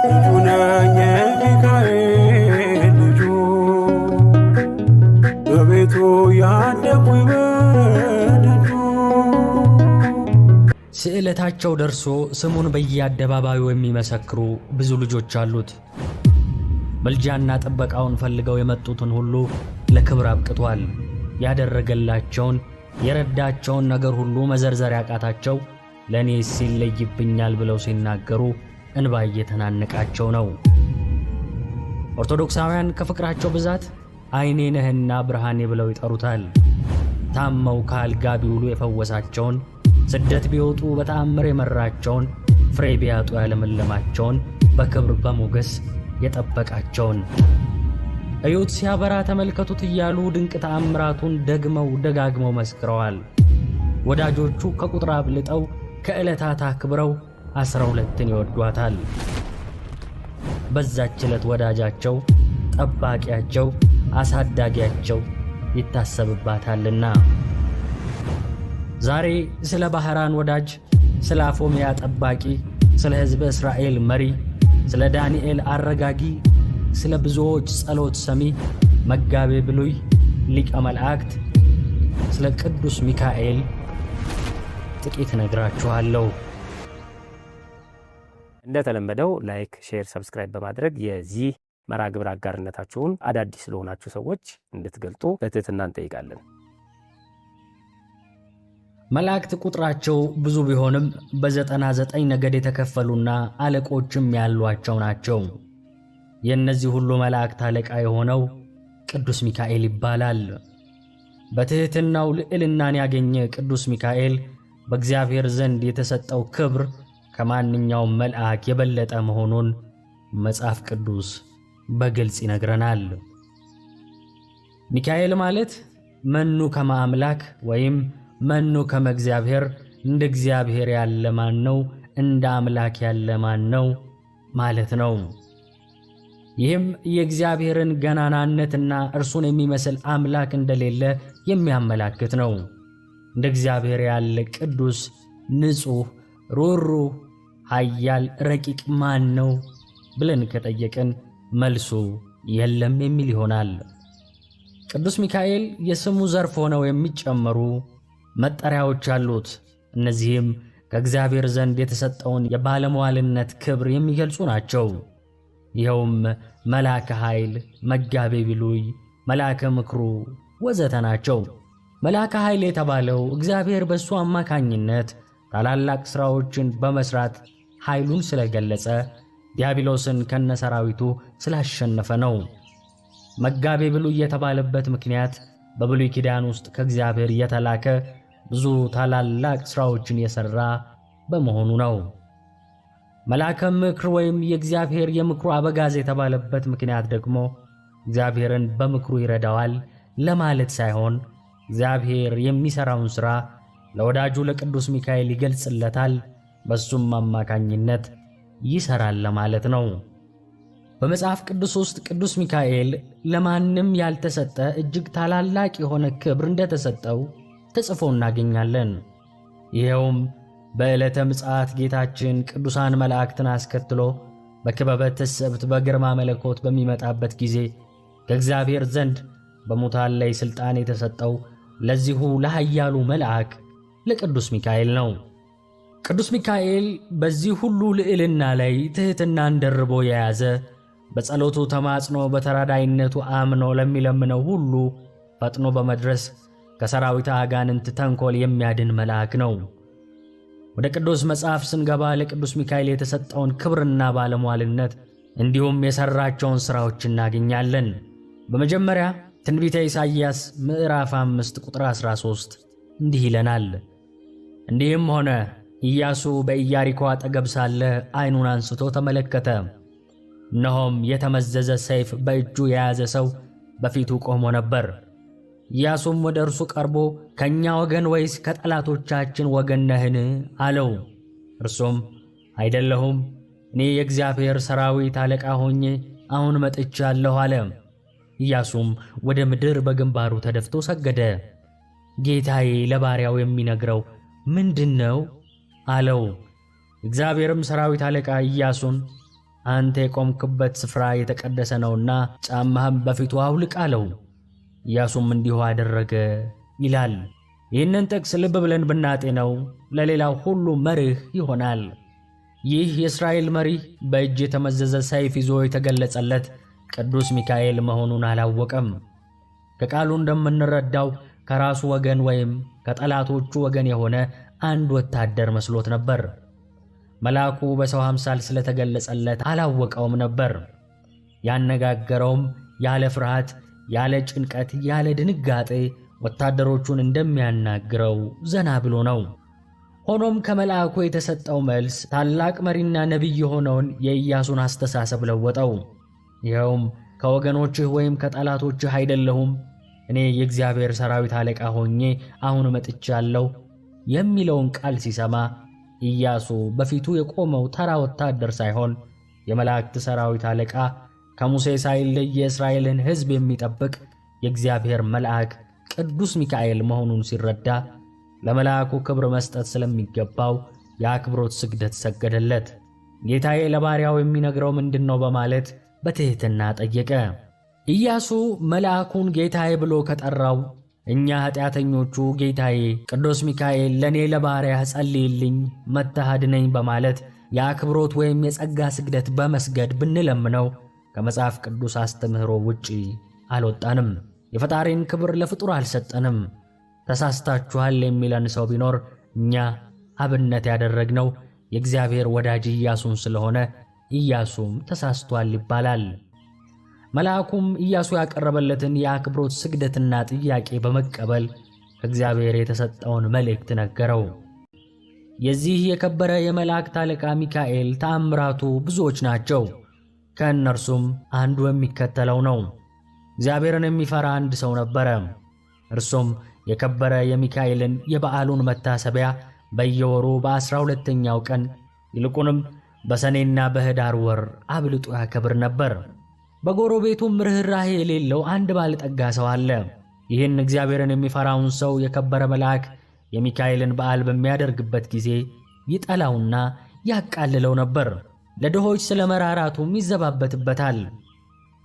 ልጁ ስዕለታቸው ደርሶ ስሙን በየአደባባዩ የሚመሰክሩ ብዙ ልጆች አሉት። ምልጃና ጥበቃውን ፈልገው የመጡትን ሁሉ ለክብር አብቅቷል። ያደረገላቸውን የረዳቸውን ነገር ሁሉ መዘርዘር ያቃታቸው ለእኔ ይለይብኛል ብለው ሲናገሩ እንባ እየተናነቃቸው ነው። ኦርቶዶክሳውያን ከፍቅራቸው ብዛት አይኔ ነህና ብርሃኔ ብለው ይጠሩታል። ታመው ከአልጋ ቢውሉ የፈወሳቸውን፣ ስደት ቢወጡ በተአምር የመራቸውን፣ ፍሬ ቢያጡ ያለመለማቸውን፣ በክብር በሞገስ የጠበቃቸውን እዩት ሲያበራ ተመልከቱት እያሉ ድንቅ ተአምራቱን ደግመው ደጋግመው መስክረዋል። ወዳጆቹ ከቁጥር አብልጠው ከዕለታት አክብረው አስራ ሁለትን ይወዷታል። በዛች ዕለት ወዳጃቸው፣ ጠባቂያቸው፣ አሳዳጊያቸው ይታሰብባታልና። ዛሬ ስለ ባህራን ወዳጅ፣ ስለ አፎምያ ጠባቂ፣ ስለ ሕዝብ እስራኤል መሪ፣ ስለ ዳንኤል አረጋጊ፣ ስለ ብዙዎች ጸሎት ሰሚ መጋቤ ብሉይ ሊቀ መላእክት ስለ ቅዱስ ሚካኤል ጥቂት ነግራችኋለሁ። እንደተለመደው ላይክ፣ ሼር፣ ሰብስክራይብ በማድረግ የዚህ መርሃ ግብር አጋርነታችሁን አዳዲስ ለሆናችሁ ሰዎች እንድትገልጡ በትህትና እንጠይቃለን። መላእክት ቁጥራቸው ብዙ ቢሆንም በዘጠና ዘጠኝ ነገድ የተከፈሉና አለቆችም ያሏቸው ናቸው። የእነዚህ ሁሉ መላእክት አለቃ የሆነው ቅዱስ ሚካኤል ይባላል። በትሕትናው ልዕልናን ያገኘ ቅዱስ ሚካኤል በእግዚአብሔር ዘንድ የተሰጠው ክብር ከማንኛውም መልአክ የበለጠ መሆኑን መጽሐፍ ቅዱስ በግልጽ ይነግረናል። ሚካኤል ማለት መኑ ከማምላክ ወይም መኑ ከመእግዚአብሔር፣ እንደ እግዚአብሔር ያለ ማን ነው? እንደ አምላክ ያለ ማን ነው ማለት ነው። ይህም የእግዚአብሔርን ገናናነትና እርሱን የሚመስል አምላክ እንደሌለ የሚያመላክት ነው። እንደ እግዚአብሔር ያለ ቅዱስ፣ ንጹሕ፣ ሩሩህ? ኃያል ረቂቅ ማን ነው ብለን ከጠየቅን መልሱ የለም የሚል ይሆናል። ቅዱስ ሚካኤል የስሙ ዘርፍ ሆነው የሚጨመሩ መጠሪያዎች አሉት። እነዚህም ከእግዚአብሔር ዘንድ የተሰጠውን የባለመዋልነት ክብር የሚገልጹ ናቸው። ይኸውም መልአከ ኃይል፣ መጋቤ ብሉይ፣ መልአከ ምክሩ ወዘተ ናቸው። መልአከ ኃይል የተባለው እግዚአብሔር በእሱ አማካኝነት ታላላቅ ሥራዎችን በመሥራት ኃይሉን ስለገለጸ ዲያብሎስን ከነሰራዊቱ ስላሸነፈ ነው። መጋቤ ብሉይ የተባለበት ምክንያት በብሉይ ኪዳን ውስጥ ከእግዚአብሔር የተላከ ብዙ ታላላቅ ሥራዎችን የሠራ በመሆኑ ነው። መልአከ ምክር ወይም የእግዚአብሔር የምክሩ አበጋዝ የተባለበት ምክንያት ደግሞ እግዚአብሔርን በምክሩ ይረዳዋል ለማለት ሳይሆን እግዚአብሔር የሚሠራውን ሥራ ለወዳጁ ለቅዱስ ሚካኤል ይገልጽለታል፣ በሱም አማካኝነት ይሰራል ለማለት ነው። በመጽሐፍ ቅዱስ ውስጥ ቅዱስ ሚካኤል ለማንም ያልተሰጠ እጅግ ታላላቅ የሆነ ክብር እንደተሰጠው ተጽፎ እናገኛለን። ይኸውም በዕለተ ምጽአት ጌታችን ቅዱሳን መላእክትን አስከትሎ በክበበ ትስብእት በግርማ መለኮት በሚመጣበት ጊዜ ከእግዚአብሔር ዘንድ በሙታን ላይ ሥልጣን የተሰጠው ለዚሁ ለኃያሉ መልአክ ለቅዱስ ሚካኤል ነው። ቅዱስ ሚካኤል በዚህ ሁሉ ልዕልና ላይ ትሕትናን ደርቦ የያዘ በጸሎቱ ተማጽኖ በተራዳይነቱ አምኖ ለሚለምነው ሁሉ ፈጥኖ በመድረስ ከሰራዊት አጋንንት ተንኮል የሚያድን መልአክ ነው። ወደ ቅዱስ መጽሐፍ ስንገባ ለቅዱስ ሚካኤል የተሰጠውን ክብርና ባለሟልነት እንዲሁም የሠራቸውን ሥራዎች እናገኛለን። በመጀመሪያ ትንቢተ ኢሳይያስ ምዕራፍ 5 ቁጥር 13 እንዲህ ይለናል እንዲህም ሆነ፣ ኢያሱ በኢያሪኮ አጠገብ ሳለ ዓይኑን አንስቶ ተመለከተ፣ እነሆም የተመዘዘ ሰይፍ በእጁ የያዘ ሰው በፊቱ ቆሞ ነበር። ኢያሱም ወደ እርሱ ቀርቦ ከእኛ ወገን ወይስ ከጠላቶቻችን ወገን ነህን? አለው። እርሱም አይደለሁም፣ እኔ የእግዚአብሔር ሰራዊት አለቃ ሆኜ አሁን መጥቻለሁ አለ። ኢያሱም ወደ ምድር በግንባሩ ተደፍቶ ሰገደ። ጌታዬ ለባሪያው የሚነግረው ምንድን ነው አለው። እግዚአብሔርም ሰራዊት አለቃ ኢያሱን አንተ የቆምክበት ስፍራ የተቀደሰ ነውና ጫማህም በፊቱ አውልቅ አለው። ኢያሱም እንዲሁ አደረገ ይላል። ይህንን ጥቅስ ልብ ብለን ብናጤነው ለሌላው ሁሉ መርህ ይሆናል። ይህ የእስራኤል መሪ በእጅ የተመዘዘ ሰይፍ ይዞ የተገለጸለት ቅዱስ ሚካኤል መሆኑን አላወቀም። ከቃሉ እንደምንረዳው ከራሱ ወገን ወይም ከጠላቶቹ ወገን የሆነ አንድ ወታደር መስሎት ነበር። መልአኩ በሰው አምሳል ስለተገለጸለት አላወቀውም ነበር። ያነጋገረውም ያለ ፍርሃት፣ ያለ ጭንቀት፣ ያለ ድንጋጤ ወታደሮቹን እንደሚያናግረው ዘና ብሎ ነው። ሆኖም ከመልአኩ የተሰጠው መልስ ታላቅ መሪና ነቢይ የሆነውን የኢያሱን አስተሳሰብ ለወጠው። ይኸውም ከወገኖችህ ወይም ከጠላቶችህ አይደለሁም እኔ የእግዚአብሔር ሰራዊት አለቃ ሆኜ አሁን መጥቻለሁ የሚለውን ቃል ሲሰማ ኢያሱ በፊቱ የቆመው ተራ ወታደር ሳይሆን የመላእክት ሰራዊት አለቃ ከሙሴ ሳይለይ የእስራኤልን ሕዝብ የሚጠብቅ የእግዚአብሔር መልአክ ቅዱስ ሚካኤል መሆኑን ሲረዳ ለመልአኩ ክብር መስጠት ስለሚገባው የአክብሮት ስግደት ሰገደለት። ጌታዬ ለባሪያው የሚነግረው ምንድን ነው? በማለት በትሕትና ጠየቀ። ኢያሱ መልአኩን ጌታዬ ብሎ ከጠራው እኛ ኃጢአተኞቹ ጌታዬ ቅዱስ ሚካኤል ለእኔ ለባሪያህ ጸልይልኝ መጥተህ በማለት የአክብሮት ወይም የጸጋ ስግደት በመስገድ ብንለምነው ከመጽሐፍ ቅዱስ አስተምህሮ ውጪ አልወጣንም። የፈጣሪን ክብር ለፍጡር አልሰጠንም። ተሳስታችኋል የሚለን ሰው ቢኖር እኛ አብነት ያደረግነው የእግዚአብሔር ወዳጅ ኢያሱን ስለሆነ ኢያሱም ተሳስቷል ይባላል። መልአኩም ኢያሱ ያቀረበለትን የአክብሮት ስግደትና ጥያቄ በመቀበል ከእግዚአብሔር የተሰጠውን መልእክት ነገረው። የዚህ የከበረ የመላእክት አለቃ ሚካኤል ተአምራቱ ብዙዎች ናቸው። ከእነርሱም አንዱ የሚከተለው ነው። እግዚአብሔርን የሚፈራ አንድ ሰው ነበረ። እርሱም የከበረ የሚካኤልን የበዓሉን መታሰቢያ በየወሩ በዐሥራ ሁለተኛው ቀን ይልቁንም በሰኔና በኅዳር ወር አብልጦ ያከብር ነበር። በጎረቤቱም ርኅራሄ የሌለው አንድ ባለጠጋ ሰው አለ። ይህን እግዚአብሔርን የሚፈራውን ሰው የከበረ መልአክ የሚካኤልን በዓል በሚያደርግበት ጊዜ ይጠላውና ያቃልለው ነበር። ለድሆች ስለ መራራቱም ይዘባበትበታል።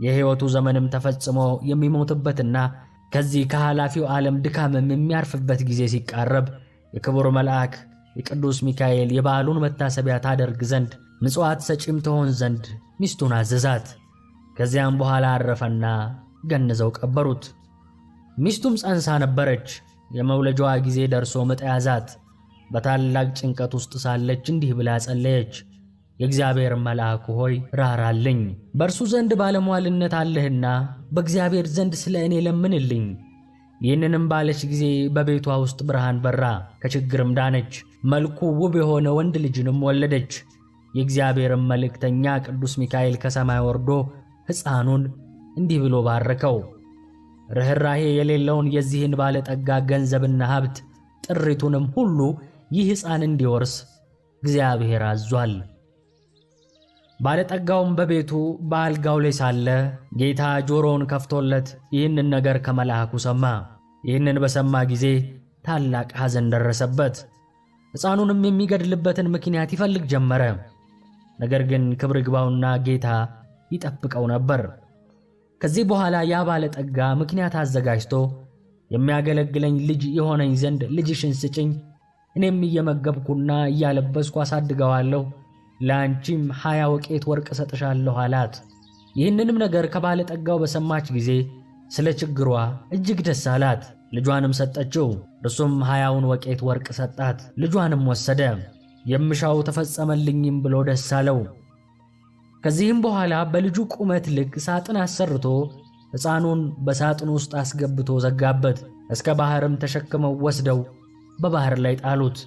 የሕይወቱ ዘመንም ተፈጽሞ የሚሞትበትና ከዚህ ከኃላፊው ዓለም ድካምም የሚያርፍበት ጊዜ ሲቃረብ የክቡር መልአክ የቅዱስ ሚካኤል የበዓሉን መታሰቢያ ታደርግ ዘንድ ምጽዋት ሰጪም ትሆን ዘንድ ሚስቱን አዘዛት። ከዚያም በኋላ አረፈና ገንዘው ቀበሩት። ሚስቱም ጸንሳ ነበረች። የመውለጃዋ ጊዜ ደርሶ ምጥ ያዛት። በታላቅ ጭንቀት ውስጥ ሳለች እንዲህ ብላ ጸለየች። የእግዚአብሔር መልአክ ሆይ ራራልኝ፣ በእርሱ ዘንድ ባለሟልነት አለህና በእግዚአብሔር ዘንድ ስለ እኔ ለምንልኝ። ይህንንም ባለች ጊዜ በቤቷ ውስጥ ብርሃን በራ፣ ከችግርም ዳነች። መልኩ ውብ የሆነ ወንድ ልጅንም ወለደች። የእግዚአብሔርን መልእክተኛ ቅዱስ ሚካኤል ከሰማይ ወርዶ ሕፃኑን እንዲህ ብሎ ባረከው። ርኅራሄ የሌለውን የዚህን ባለጠጋ ገንዘብና ሀብት ጥሪቱንም ሁሉ ይህ ሕፃን እንዲወርስ እግዚአብሔር አዟል። ባለጠጋውም በቤቱ በአልጋው ላይ ሳለ ጌታ ጆሮውን ከፍቶለት ይህንን ነገር ከመልአኩ ሰማ። ይህንን በሰማ ጊዜ ታላቅ ሐዘን ደረሰበት። ሕፃኑንም የሚገድልበትን ምክንያት ይፈልግ ጀመረ። ነገር ግን ክብር ግባውና ጌታ ይጠብቀው ነበር። ከዚህ በኋላ ያ ባለጠጋ ምክንያት አዘጋጅቶ የሚያገለግለኝ ልጅ የሆነኝ ዘንድ ልጅሽን ስጭኝ፣ እኔም እየመገብኩና እያለበስኩ አሳድገዋለሁ፣ ለአንቺም ሀያ ወቄት ወርቅ ሰጥሻለሁ አላት። ይህንንም ነገር ከባለጠጋው በሰማች ጊዜ ስለ ችግሯ እጅግ ደስ አላት። ልጇንም ሰጠችው። እርሱም ሀያውን ወቄት ወርቅ ሰጣት። ልጇንም ወሰደ። የምሻው ተፈጸመልኝም ብሎ ደስ አለው። ከዚህም በኋላ በልጁ ቁመት ልክ ሳጥን አሰርቶ ሕፃኑን በሳጥን ውስጥ አስገብቶ ዘጋበት። እስከ ባሕርም ተሸክመው ወስደው በባሕር ላይ ጣሉት።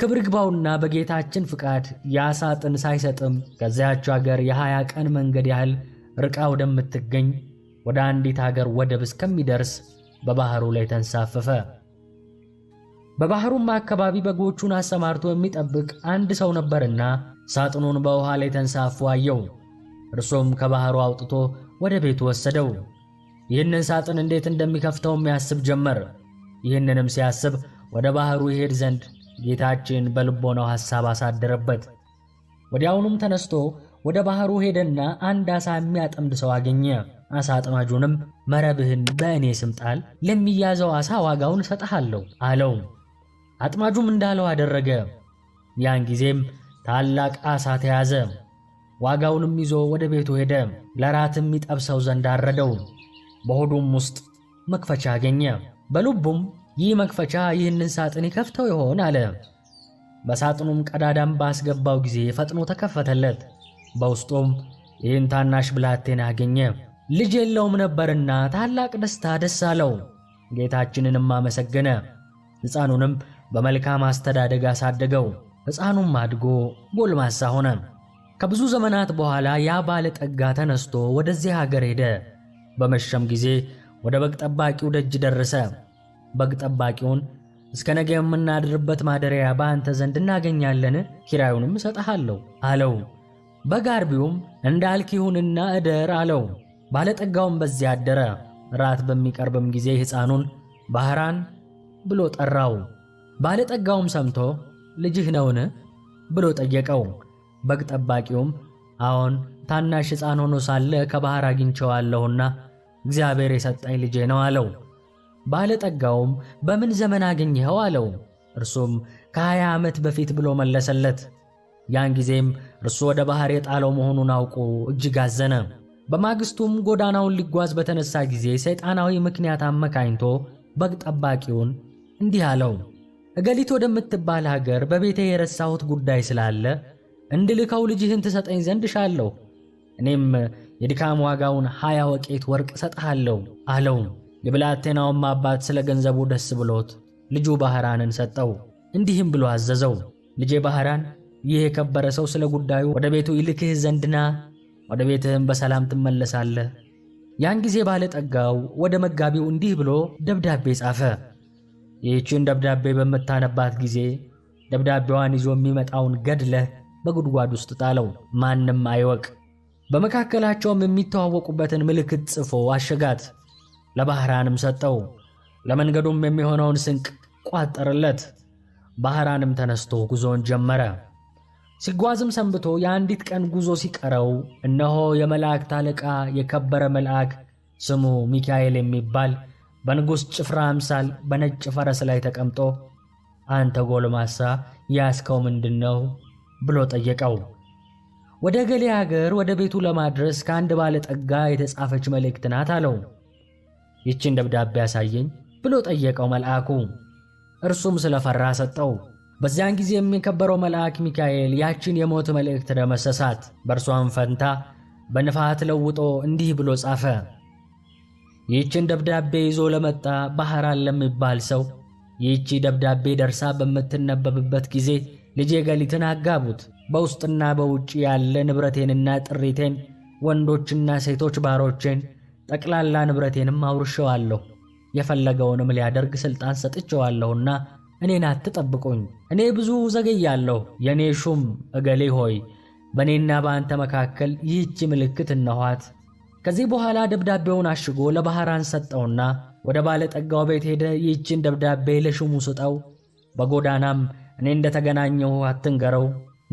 ክብር ግባውና በጌታችን ፍቃድ ያ ሳጥን ሳይሰጥም ከዚያች አገር የሀያ ቀን መንገድ ያህል ርቃ ወደምትገኝ ወደ አንዲት አገር ወደብ እስከሚደርስ በባሕሩ ላይ ተንሳፈፈ። በባሕሩም አካባቢ በጎቹን አሰማርቶ የሚጠብቅ አንድ ሰው ነበርና ሳጥኑን በውሃ ላይ ተንሳፎ አየው። እርሱም ከባህሩ አውጥቶ ወደ ቤቱ ወሰደው። ይህንን ሳጥን እንዴት እንደሚከፍተውም ያስብ ጀመር። ይህንንም ሲያስብ ወደ ባህሩ ይሄድ ዘንድ ጌታችን በልቦናው ሐሳብ አሳደረበት። ወዲያውኑም ተነስቶ ወደ ባህሩ ሄደና አንድ ዓሣ የሚያጠምድ ሰው አገኘ። ዓሣ አጥማጁንም መረብህን በእኔ ስም ጣል፣ ለሚያዘው ዓሣ ዋጋውን እሰጥሃለሁ አለው። አጥማጁም እንዳለው አደረገ። ያን ጊዜም ታላቅ ዓሣ ተያዘ። ዋጋውንም ይዞ ወደ ቤቱ ሄደ። ለራትም ይጠብሰው ዘንድ አረደው። በሆዱም ውስጥ መክፈቻ አገኘ። በልቡም ይህ መክፈቻ ይህንን ሳጥን ይከፍተው ይሆን አለ። በሳጥኑም ቀዳዳም ባስገባው ጊዜ ፈጥኖ ተከፈተለት። በውስጡም ይህን ታናሽ ብላቴና አገኘ። ልጅ የለውም ነበርና ታላቅ ደስታ ደስ አለው። ጌታችንንም አመሰገነ። ሕፃኑንም በመልካም አስተዳደግ አሳደገው። ሕፃኑም አድጎ ጎልማሳ ሆነ። ከብዙ ዘመናት በኋላ ያ ባለጠጋ ተነስቶ ወደዚህ ሀገር ሄደ። በመሸም ጊዜ ወደ በግ ጠባቂው ደጅ ደረሰ። በግ ጠባቂውን እስከ ነገ የምናድርበት ማደሪያ በአንተ ዘንድ እናገኛለን፣ ኪራዩንም እሰጥሃለሁ አለው። በግ አርቢውም እንዳልክ ይሁንና እደር አለው። ባለጠጋውም በዚያ አደረ። ራት በሚቀርብም ጊዜ ሕፃኑን ባህራን ብሎ ጠራው። ባለጠጋውም ሰምቶ ልጅህ ነውን? ብሎ ጠየቀው። በግ ጠባቂውም አዎን፣ ታናሽ ሕፃን ሆኖ ሳለ ከባሕር አግኝቼዋለሁና እግዚአብሔር የሰጠኝ ልጄ ነው አለው። ባለጠጋውም በምን ዘመን አገኘኸው? አለው። እርሱም ከሀያ ዓመት በፊት ብሎ መለሰለት። ያን ጊዜም እርሱ ወደ ባሕር የጣለው መሆኑን አውቆ እጅግ አዘነ። በማግስቱም ጎዳናውን ሊጓዝ በተነሳ ጊዜ ሰይጣናዊ ምክንያት አመካኝቶ በግ ጠባቂውን እንዲህ አለው እገሊት ወደምትባል ሀገር በቤቴ የረሳሁት ጉዳይ ስላለ እንድልከው ልጅህን ትሰጠኝ ዘንድ እሻለሁ፣ እኔም የድካም ዋጋውን ሀያ ወቄት ወርቅ እሰጥሃለሁ አለው። የብላቴናውም አባት ስለ ገንዘቡ ደስ ብሎት ልጁ ባህራንን ሰጠው። እንዲህም ብሎ አዘዘው፣ ልጄ ባህራን ይህ የከበረ ሰው ስለ ጉዳዩ ወደ ቤቱ ይልክህ ዘንድና ወደ ቤትህም በሰላም ትመለሳለህ። ያን ጊዜ ባለጠጋው ወደ መጋቢው እንዲህ ብሎ ደብዳቤ ጻፈ። ይህችን ደብዳቤ በምታነባት ጊዜ ደብዳቤዋን ይዞ የሚመጣውን ገድለህ በጉድጓድ ውስጥ ጣለው፣ ማንም አይወቅ። በመካከላቸውም የሚተዋወቁበትን ምልክት ጽፎ አሸጋት፣ ለባህራንም ሰጠው። ለመንገዱም የሚሆነውን ስንቅ ቋጠርለት። ባህራንም ተነስቶ ጉዞን ጀመረ። ሲጓዝም ሰንብቶ የአንዲት ቀን ጉዞ ሲቀረው እነሆ የመላእክት አለቃ የከበረ መልአክ ስሙ ሚካኤል የሚባል በንጉሥ ጭፍራ አምሳል በነጭ ፈረስ ላይ ተቀምጦ አንተ ጎልማሳ ያስከው ምንድን ነው ብሎ ጠየቀው። ወደ ገሌ ሀገር ወደ ቤቱ ለማድረስ ከአንድ ባለጠጋ የተጻፈች መልእክት ናት አለው። ይችን ደብዳቤ ያሳየኝ ብሎ ጠየቀው መልአኩ። እርሱም ስለፈራ ሰጠው። በዚያን ጊዜ የሚከበረው መልአክ ሚካኤል ያችን የሞት መልእክት ደመሰሳት። በእርሷን ፈንታ በንፋት ለውጦ እንዲህ ብሎ ጻፈ ይህችን ደብዳቤ ይዞ ለመጣ ባህራን ለሚባል ሰው ይህቺ ደብዳቤ ደርሳ በምትነበብበት ጊዜ ልጄ ገሊትን አጋቡት፣ በውስጥና በውጭ ያለ ንብረቴንና ጥሪቴን፣ ወንዶችና ሴቶች ባሮቼን፣ ጠቅላላ ንብረቴንም አውርሸዋለሁ። የፈለገውንም ሊያደርግ ሥልጣን ሰጥቸዋለሁና እኔን አትጠብቁኝ። እኔ ብዙ ዘገያለሁ። የእኔ ሹም እገሌ ሆይ በእኔና በአንተ መካከል ይህቺ ምልክት እነኋት ከዚህ በኋላ ደብዳቤውን አሽጎ ለባህራን ሰጠውና ወደ ባለጠጋው ቤት ሄደ። ይህችን ደብዳቤ ለሹሙ ስጠው፣ በጎዳናም እኔ እንደተገናኘሁ አትንገረው፣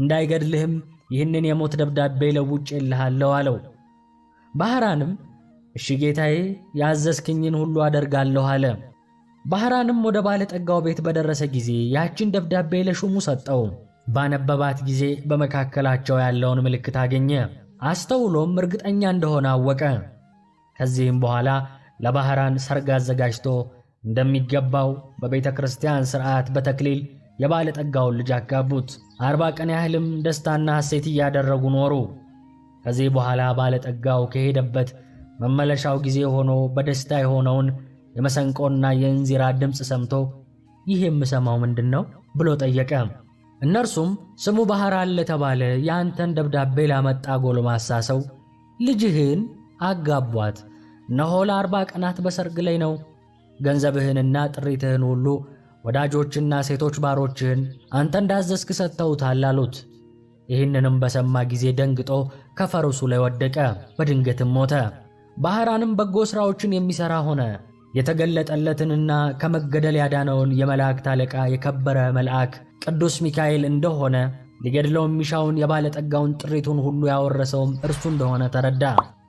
እንዳይገድልህም ይህንን የሞት ደብዳቤ ለውጬልሃለሁ አለው። ባህራንም እሺ ጌታዬ፣ ያዘዝክኝን ሁሉ አደርጋለሁ አለ። ባህራንም ወደ ባለጠጋው ቤት በደረሰ ጊዜ ያችን ደብዳቤ ለሹሙ ሰጠው። ባነበባት ጊዜ በመካከላቸው ያለውን ምልክት አገኘ። አስተውሎም እርግጠኛ እንደሆነ አወቀ። ከዚህም በኋላ ለባህራን ሰርግ አዘጋጅቶ እንደሚገባው በቤተ ክርስቲያን ሥርዓት በተክሊል የባለጠጋውን ልጅ አጋቡት። አርባ ቀን ያህልም ደስታና ሐሴት እያደረጉ ኖሩ። ከዚህ በኋላ ባለጠጋው ከሄደበት መመለሻው ጊዜ ሆኖ በደስታ የሆነውን የመሰንቆና የእንዚራ ድምፅ ሰምቶ ይህ የምሰማው ምንድን ነው ብሎ ጠየቀ። እነርሱም ስሙ ባህር አለ ተባለ የአንተን ደብዳቤ ላመጣ ጎልማሳ ሰው ልጅህን አጋቧት፣ እነሆ ለአርባ ቀናት በሰርግ ላይ ነው። ገንዘብህንና ጥሪትህን ሁሉ ወዳጆችና ሴቶች ባሮችህን አንተ እንዳዘዝክ ሰጥተውታል አሉት። ይህንንም በሰማ ጊዜ ደንግጦ ከፈረሱ ላይ ወደቀ፣ በድንገትም ሞተ። ባህራንም በጎ ሥራዎችን የሚሠራ ሆነ። የተገለጠለትንና ከመገደል ያዳነውን የመላእክት አለቃ የከበረ መልአክ ቅዱስ ሚካኤል እንደሆነ ሊገድለው የሚሻውን የባለጠጋውን ጥሪቱን ሁሉ ያወረሰውም እርሱ እንደሆነ ተረዳ።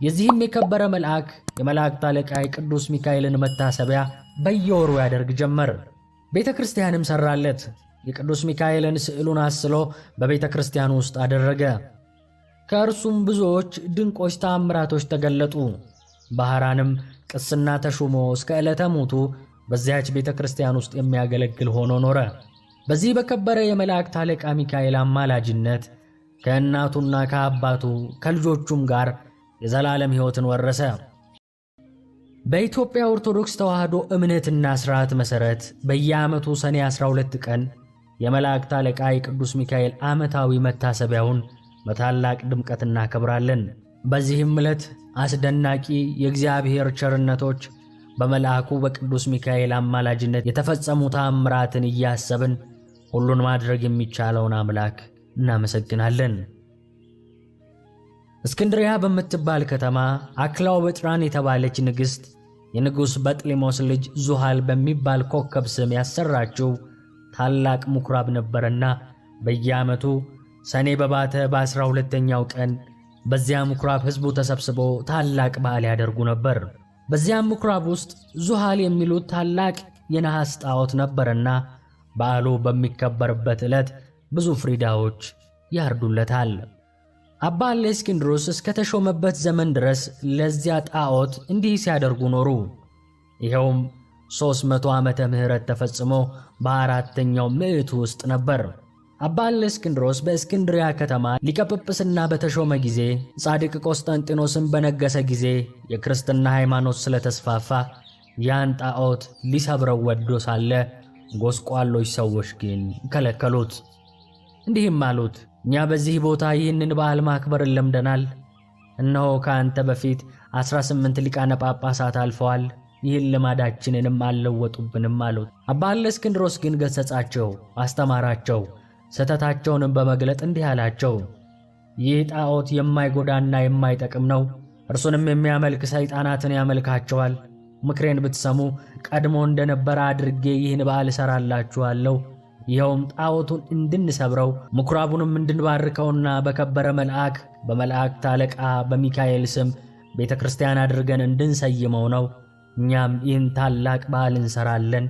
የዚህም የከበረ መልአክ የመላእክት አለቃ የቅዱስ ሚካኤልን መታሰቢያ በየወሩ ያደርግ ጀመር። ቤተ ክርስቲያንም ሠራለት። የቅዱስ ሚካኤልን ስዕሉን አስሎ በቤተ ክርስቲያኑ ውስጥ አደረገ። ከእርሱም ብዙዎች ድንቆች ተአምራቶች ተገለጡ። ባህራንም ቅስና ተሹሞ እስከ ዕለተ ሞቱ በዚያች ቤተ ክርስቲያን ውስጥ የሚያገለግል ሆኖ ኖረ። በዚህ በከበረ የመላእክት አለቃ ሚካኤል አማላጅነት ከእናቱና ከአባቱ ከልጆቹም ጋር የዘላለም ሕይወትን ወረሰ። በኢትዮጵያ ኦርቶዶክስ ተዋሕዶ እምነትና ሥርዓት መሠረት በየዓመቱ ሰኔ 12 ቀን የመላእክት አለቃ የቅዱስ ሚካኤል ዓመታዊ መታሰቢያውን በታላቅ ድምቀት እናከብራለን። በዚህም ዕለት አስደናቂ የእግዚአብሔር ቸርነቶች በመልአኩ በቅዱስ ሚካኤል አማላጅነት የተፈጸሙ ተአምራትን እያሰብን ሁሉን ማድረግ የሚቻለውን አምላክ እናመሰግናለን። እስክንድሪያ በምትባል ከተማ በጥራን የተባለች ንግሥት የንጉሥ በጥሊሞስ ልጅ ዙሃል በሚባል ኮከብ ስም ያሰራችው ታላቅ ምኩራብ ነበረና በየዓመቱ ሰኔ በባተ በዐሥራ ሁለተኛው ቀን በዚያ ምኩራብ ሕዝቡ ተሰብስቦ ታላቅ በዓል ያደርጉ ነበር። በዚያም ምኩራብ ውስጥ ዙሃል የሚሉት ታላቅ የነሐስ ጣዖት ነበረና በዓሉ በሚከበርበት ዕለት ብዙ ፍሪዳዎች ያርዱለታል። አባ ሌስኪንድሮስ እስከተሾመበት ዘመን ድረስ ለዚያ ጣዖት እንዲህ ሲያደርጉ ኖሩ። ይኸውም 300 ዓመተ ምህረት ተፈጽሞ በአራተኛው ምዕት ውስጥ ነበር። አባ ሌስኪንድሮስ በእስክንድሪያ ከተማ ሊቀጵጵስና በተሾመ ጊዜ ጻድቅ ቆስጠንጢኖስን በነገሰ ጊዜ የክርስትና ሃይማኖት ስለተስፋፋ ያን ጣዖት ሊሰብረው ወዶ ሳለ ጎስቋሎች ሰዎች ግን ከለከሉት። እንዲህም አሉት፣ እኛ በዚህ ቦታ ይህንን በዓል ማክበር ለምደናል። እነሆ ከአንተ በፊት ዐሥራ ስምንት ሊቃነ ጳጳሳት አልፈዋል፣ ይህን ልማዳችንንም አልለወጡብንም አሉት። አባ እስክንድሮስ ግን ገሠጻቸው፣ አስተማራቸው። ስህተታቸውንም በመግለጥ እንዲህ አላቸው፣ ይህ ጣዖት የማይጎዳና የማይጠቅም ነው። እርሱንም የሚያመልክ ሰይጣናትን ያመልካቸዋል ምክሬን ብትሰሙ ቀድሞ እንደነበረ አድርጌ ይህን በዓል እሰራላችኋለሁ። ይኸውም ጣዖቱን እንድንሰብረው ምኵራቡንም እንድንባርከውና በከበረ መልአክ በመላእክት አለቃ በሚካኤል ስም ቤተ ክርስቲያን አድርገን እንድንሰይመው ነው። እኛም ይህን ታላቅ በዓል እንሰራለን።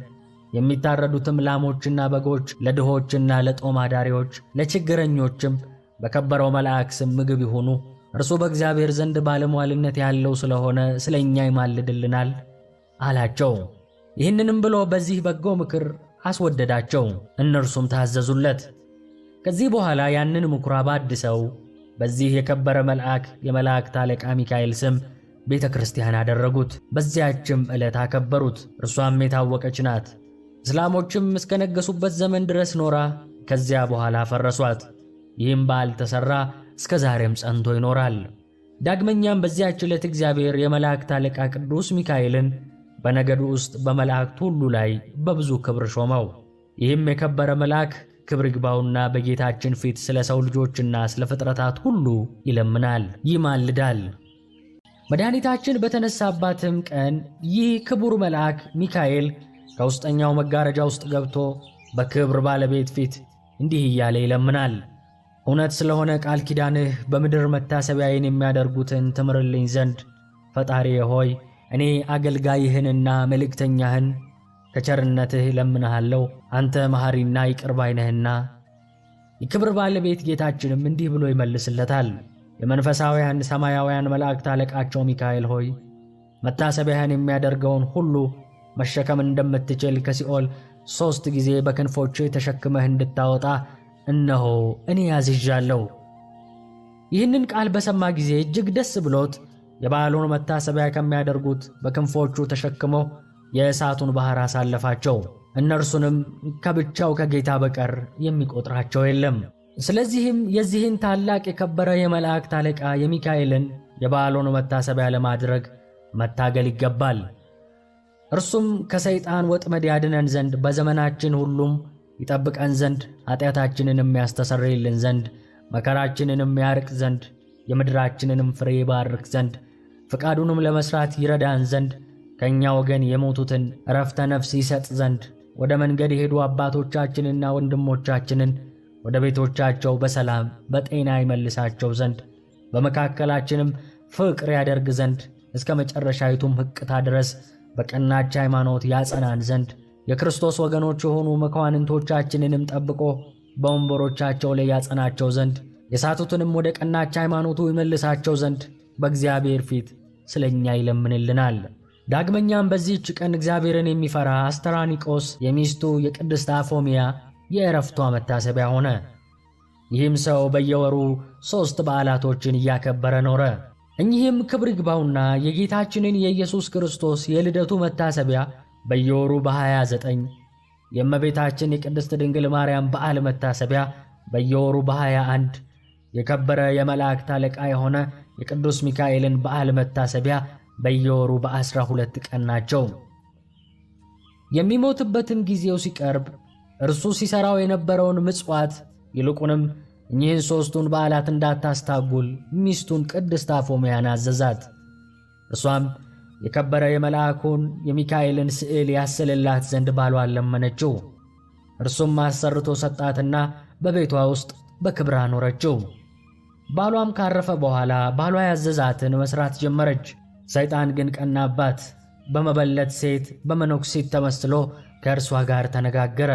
የሚታረዱትም ላሞችና በጎች ለድሆችና ለጦም አዳሪዎች ለችግረኞችም በከበረው መልአክ ስም ምግብ ይሁኑ። እርሱ በእግዚአብሔር ዘንድ ባለሟልነት ያለው ስለሆነ ስለ እኛ ይማልድልናል። አላቸው። ይህንንም ብሎ በዚህ በጎ ምክር አስወደዳቸው፣ እነርሱም ታዘዙለት። ከዚህ በኋላ ያንን ምኩራብ አድሰው በዚህ የከበረ መልአክ የመላእክት አለቃ ሚካኤል ስም ቤተ ክርስቲያን አደረጉት። በዚያችም ዕለት አከበሩት። እርሷም የታወቀች ናት። እስላሞችም እስከነገሱበት ዘመን ድረስ ኖራ ከዚያ በኋላ ፈረሷት። ይህም በዓል ተሠራ፣ እስከ ዛሬም ጸንቶ ይኖራል። ዳግመኛም በዚያች ዕለት እግዚአብሔር የመላእክት አለቃ ቅዱስ ሚካኤልን በነገዱ ውስጥ በመላእክት ሁሉ ላይ በብዙ ክብር ሾመው። ይህም የከበረ መልአክ ክብር ይግባውና በጌታችን ፊት ስለ ሰው ልጆችና ስለ ፍጥረታት ሁሉ ይለምናል፣ ይማልዳል። መድኃኒታችን በተነሳባትም ቀን ይህ ክቡር መልአክ ሚካኤል ከውስጠኛው መጋረጃ ውስጥ ገብቶ በክብር ባለቤት ፊት እንዲህ እያለ ይለምናል። እውነት ስለሆነ ቃል ኪዳንህ በምድር መታሰቢያዬን የሚያደርጉትን ትምርልኝ ዘንድ ፈጣሪ ሆይ እኔ አገልጋይህንና መልእክተኛህን ከቸርነትህ ለምንሃለው አንተ መሐሪና ይቅር ባይ ነህና። የክብር ባለቤት ጌታችንም እንዲህ ብሎ ይመልስለታል። የመንፈሳውያን ሰማያውያን መላእክት አለቃቸው ሚካኤል ሆይ መታሰቢያህን የሚያደርገውን ሁሉ መሸከም እንደምትችል ከሲኦል ሦስት ጊዜ በክንፎች ተሸክመህ እንድታወጣ እነሆ እኔ ያዝዣለሁ። ይህንን ቃል በሰማ ጊዜ እጅግ ደስ ብሎት የበዓሉን መታሰቢያ ከሚያደርጉት በክንፎቹ ተሸክሞ የእሳቱን ባሕር አሳለፋቸው። እነርሱንም ከብቻው ከጌታ በቀር የሚቆጥራቸው የለም። ስለዚህም የዚህን ታላቅ የከበረ የመላእክት አለቃ የሚካኤልን የበዓሉን መታሰቢያ ለማድረግ መታገል ይገባል። እርሱም ከሰይጣን ወጥመድ ያድነን ዘንድ በዘመናችን ሁሉም ይጠብቀን ዘንድ ኃጢአታችንንም ያስተሰርይልን ዘንድ መከራችንንም ያርቅ ዘንድ የምድራችንንም ፍሬ ይባርክ ዘንድ ፈቃዱንም ለመስራት ይረዳን ዘንድ ከእኛ ወገን የሞቱትን እረፍተ ነፍስ ይሰጥ ዘንድ ወደ መንገድ የሄዱ አባቶቻችንና ወንድሞቻችንን ወደ ቤቶቻቸው በሰላም በጤና ይመልሳቸው ዘንድ በመካከላችንም ፍቅር ያደርግ ዘንድ እስከ መጨረሻዊቱም ሕቅታ ድረስ በቀናች ሃይማኖት ያጸናን ዘንድ የክርስቶስ ወገኖች የሆኑ መኳንንቶቻችንንም ጠብቆ በወንበሮቻቸው ላይ ያጸናቸው ዘንድ የሳቱትንም ወደ ቀናች ሃይማኖቱ ይመልሳቸው ዘንድ በእግዚአብሔር ፊት ስለ እኛ ይለምንልናል። ዳግመኛም በዚህች ቀን እግዚአብሔርን የሚፈራ አስተራኒቆስ የሚስቱ የቅድስት አፎሚያ የእረፍቷ መታሰቢያ ሆነ። ይህም ሰው በየወሩ ሦስት በዓላቶችን እያከበረ ኖረ። እኚህም ክብር ይግባውና የጌታችንን የኢየሱስ ክርስቶስ የልደቱ መታሰቢያ በየወሩ በ29 የእመቤታችን የቅድስት ድንግል ማርያም በዓል መታሰቢያ በየወሩ በ21 የከበረ የመላእክት አለቃ የሆነ የቅዱስ ሚካኤልን በዓል መታሰቢያ በየወሩ በዐሥራ ሁለት ቀን ናቸው። የሚሞትበትም ጊዜው ሲቀርብ እርሱ ሲሠራው የነበረውን ምጽዋት ይልቁንም እኚህን ሦስቱን በዓላት እንዳታስታጉል ሚስቱን ቅድስት አፎምያን አዘዛት። እርሷም የከበረ የመልአኩን የሚካኤልን ስዕል ያስልላት ዘንድ ባሏን ለመነችው። እርሱም አሰርቶ ሰጣትና በቤቷ ውስጥ በክብር አኖረችው። ባሏም ካረፈ በኋላ ባሏ ያዘዛትን መስራት ጀመረች። ሰይጣን ግን ቀናባት። በመበለት ሴት በመነኩሲት ተመስሎ ከእርሷ ጋር ተነጋገረ።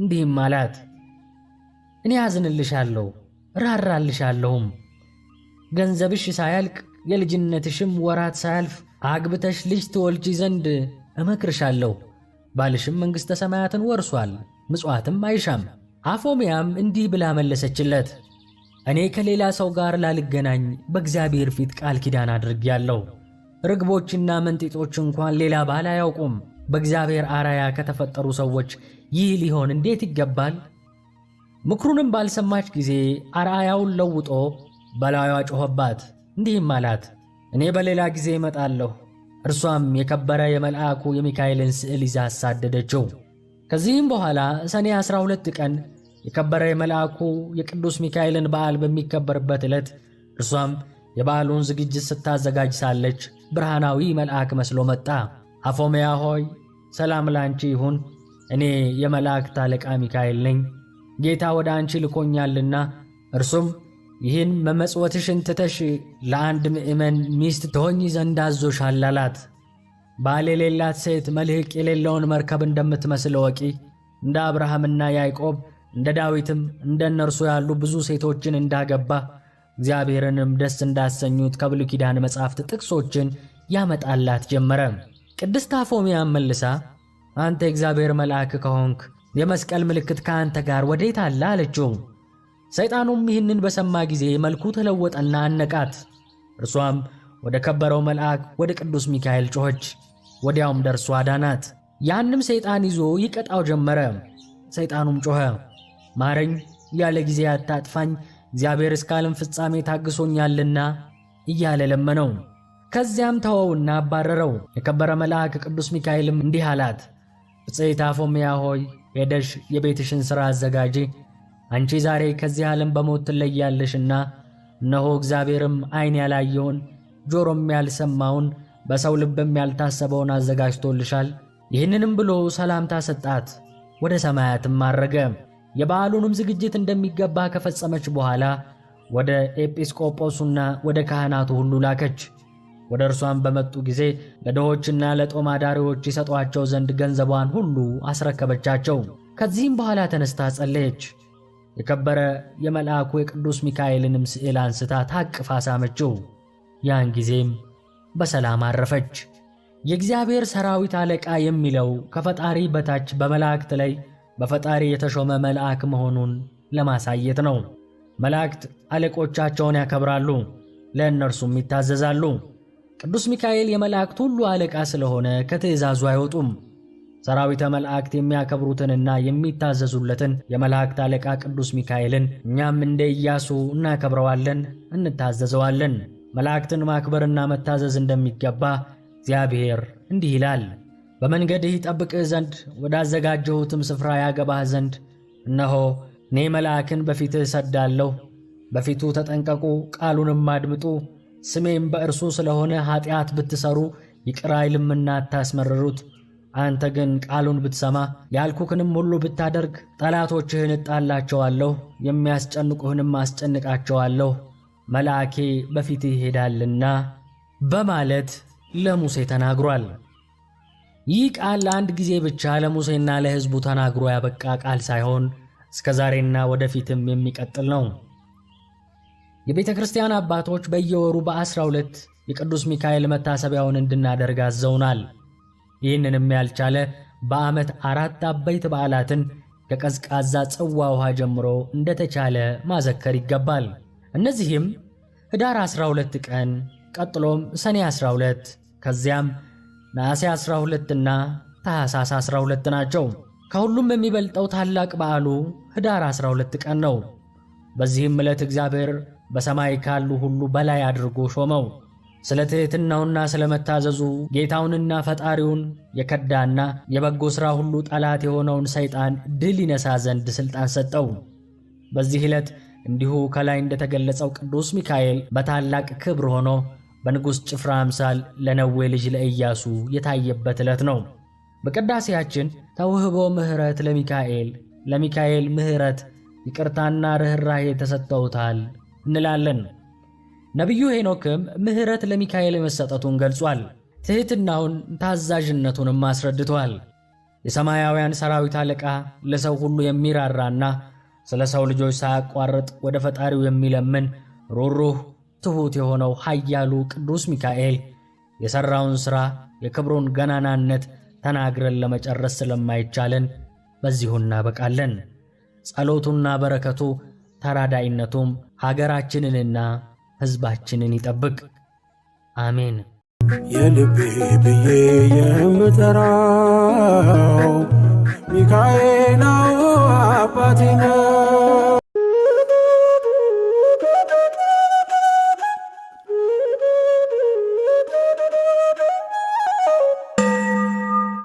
እንዲህም አላት፣ እኔ አዝንልሻለሁ፣ ራራልሻለሁም። ገንዘብሽ ሳያልቅ የልጅነትሽም ወራት ሳያልፍ አግብተሽ ልጅ ትወልጂ ዘንድ እመክርሻለሁ። ባልሽም መንግሥተ ሰማያትን ወርሷል፣ ምጽዋትም አይሻም። አፎሚያም እንዲህ ብላ መለሰችለት፣ እኔ ከሌላ ሰው ጋር ላልገናኝ በእግዚአብሔር ፊት ቃል ኪዳን አድርጌያለሁ። ርግቦችና መንጢጦች እንኳን ሌላ ባል አያውቁም። በእግዚአብሔር አራያ ከተፈጠሩ ሰዎች ይህ ሊሆን እንዴት ይገባል? ምክሩንም ባልሰማች ጊዜ አርአያውን ለውጦ በላዩ ጮኸባት፣ እንዲህም አላት እኔ በሌላ ጊዜ እመጣለሁ። እርሷም የከበረ የመልአኩ የሚካኤልን ስዕል ይዛ አሳደደችው። ከዚህም በኋላ ሰኔ 12 ቀን የከበረ የመልአኩ የቅዱስ ሚካኤልን በዓል በሚከበርበት ዕለት እርሷም የበዓሉን ዝግጅት ስታዘጋጅ ሳለች ብርሃናዊ መልአክ መስሎ መጣ። አፎሜያ ሆይ ሰላም ላአንቺ ይሁን፣ እኔ የመላእክት አለቃ ሚካኤል ነኝ፣ ጌታ ወደ አንቺ ልኮኛልና እርሱም ይህን መመጽወትሽን ትተሽ ለአንድ ምእመን ሚስት ትሆኚ ዘንድ አዞሻል አላት። ባል የሌላት ሴት መልህቅ የሌለውን መርከብ እንደምትመስል ወቂ እንደ አብርሃምና ያዕቆብ እንደ ዳዊትም እንደ እነርሱ ያሉ ብዙ ሴቶችን እንዳገባ እግዚአብሔርንም ደስ እንዳሰኙት ከብሉይ ኪዳን መጻሕፍት ጥቅሶችን ያመጣላት ጀመረ። ቅድስት አፎሚያን መልሳ አንተ የእግዚአብሔር መልአክ ከሆንክ የመስቀል ምልክት ከአንተ ጋር ወዴት አለ አለችው። ሰይጣኑም ይህንን በሰማ ጊዜ መልኩ ተለወጠና አነቃት። እርሷም ወደ ከበረው መልአክ ወደ ቅዱስ ሚካኤል ጮኸች። ወዲያውም ደርሶ አዳናት። ያንም ሰይጣን ይዞ ይቀጣው ጀመረ። ሰይጣኑም ጮኸ፣ ማረኝ ያለ ጊዜ አታጥፋኝ፣ እግዚአብሔር እስከ ዓለም ፍጻሜ ታግሶኛልና እያለ ለመነው። ከዚያም ተወውና አባረረው። የከበረ መልአክ ቅዱስ ሚካኤልም እንዲህ አላት፣ ብፅዕት ፎምያ ሆይ ሄደሽ የቤትሽን ሥራ አዘጋጂ፣ አንቺ ዛሬ ከዚህ ዓለም በሞት ትለያለሽና እነሆ እግዚአብሔርም ዐይን ያላየውን ጆሮም ያልሰማውን በሰው ልብም ያልታሰበውን አዘጋጅቶልሻል። ይህንንም ብሎ ሰላምታ ሰጣት፣ ወደ ሰማያትም አረገ። የበዓሉንም ዝግጅት እንደሚገባ ከፈጸመች በኋላ ወደ ኤጲስቆጶሱና ወደ ካህናቱ ሁሉ ላከች። ወደ እርሷም በመጡ ጊዜ ለድሆችና ለጦማዳሪዎች ይሰጧቸው ዘንድ ገንዘቧን ሁሉ አስረከበቻቸው። ከዚህም በኋላ ተነስታ ጸለየች። የከበረ የመልአኩ የቅዱስ ሚካኤልንም ስዕል አንስታ ታቅፋ ሳመችው። ያን ጊዜም በሰላም አረፈች። የእግዚአብሔር ሰራዊት አለቃ የሚለው ከፈጣሪ በታች በመላእክት ላይ በፈጣሪ የተሾመ መልአክ መሆኑን ለማሳየት ነው። መላእክት አለቆቻቸውን ያከብራሉ፣ ለእነርሱም ይታዘዛሉ። ቅዱስ ሚካኤል የመላእክት ሁሉ አለቃ ስለሆነ ከትእዛዙ አይወጡም። ሰራዊተ መላእክት የሚያከብሩትንና የሚታዘዙለትን የመላእክት አለቃ ቅዱስ ሚካኤልን እኛም እንደ ኢያሱ እናከብረዋለን፣ እንታዘዘዋለን። መላእክትን ማክበርና መታዘዝ እንደሚገባ እግዚአብሔር እንዲህ ይላል በመንገድህ ይጠብቅህ ዘንድ ወዳዘጋጀሁትም ስፍራ ያገባህ ዘንድ እነሆ እኔ መልአክን በፊትህ እሰዳለሁ። በፊቱ ተጠንቀቁ፣ ቃሉንም አድምጡ። ስሜም በእርሱ ስለሆነ ኃጢአት ብትሰሩ ይቅር አይልምና አታስመርሩት። አንተ ግን ቃሉን ብትሰማ ያልኩህንም ሁሉ ብታደርግ ጠላቶችህን እጣላቸዋለሁ፣ የሚያስጨንቁህንም አስጨንቃቸዋለሁ፣ መልአኬ በፊትህ ይሄዳልና በማለት ለሙሴ ተናግሯል። ይህ ቃል ለአንድ ጊዜ ብቻ ለሙሴና ለሕዝቡ ተናግሮ ያበቃ ቃል ሳይሆን እስከ ዛሬና ወደፊትም የሚቀጥል ነው። የቤተ ክርስቲያን አባቶች በየወሩ በአስራ ሁለት የቅዱስ ሚካኤል መታሰቢያውን እንድናደርግ አዘውናል። ይህንንም ያልቻለ በዓመት አራት አበይት በዓላትን ከቀዝቃዛ ጽዋ ውሃ ጀምሮ እንደተቻለ ማዘከር ይገባል። እነዚህም ህዳር 12 ቀን፣ ቀጥሎም ሰኔ 12 ከዚያም ነሐሴ 12 እና ታኅሳስ 12 ናቸው። ከሁሉም የሚበልጠው ታላቅ በዓሉ ኅዳር 12 ቀን ነው። በዚህም ዕለት እግዚአብሔር በሰማይ ካሉ ሁሉ በላይ አድርጎ ሾመው። ስለ ትሕትናውና ስለ መታዘዙ ጌታውንና ፈጣሪውን የከዳና የበጎ ሥራ ሁሉ ጠላት የሆነውን ሰይጣን ድል ይነሳ ዘንድ ሥልጣን ሰጠው። በዚህ ዕለት እንዲሁ ከላይ እንደተገለጸው ቅዱስ ሚካኤል በታላቅ ክብር ሆኖ በንጉሥ ጭፍራ አምሳል ለነዌ ልጅ ለኢያሱ የታየበት ዕለት ነው። በቅዳሴያችን ተውህቦ ምሕረት ለሚካኤል ለሚካኤል ምሕረት ይቅርታና ርኅራሄ ተሰጥተውታል እንላለን። ነቢዩ ሄኖክም ምሕረት ለሚካኤል መሰጠቱን ገልጿል። ትሕትናውን ታዛዥነቱንም አስረድቷል። የሰማያውያን ሰራዊት አለቃ ለሰው ሁሉ የሚራራና ስለ ሰው ልጆች ሳያቋርጥ ወደ ፈጣሪው የሚለምን ሩሩህ ትሑት የሆነው ኃያሉ ቅዱስ ሚካኤል የሠራውን ሥራ የክብሩን ገናናነት ተናግረን ለመጨረስ ስለማይቻለን በዚሁ እናበቃለን። ጸሎቱና በረከቱ ተራዳይነቱም ሀገራችንንና ሕዝባችንን ይጠብቅ። አሜን። የልቤ ብዬ የምጠራው ሚካኤል ነው አባቴ ነው።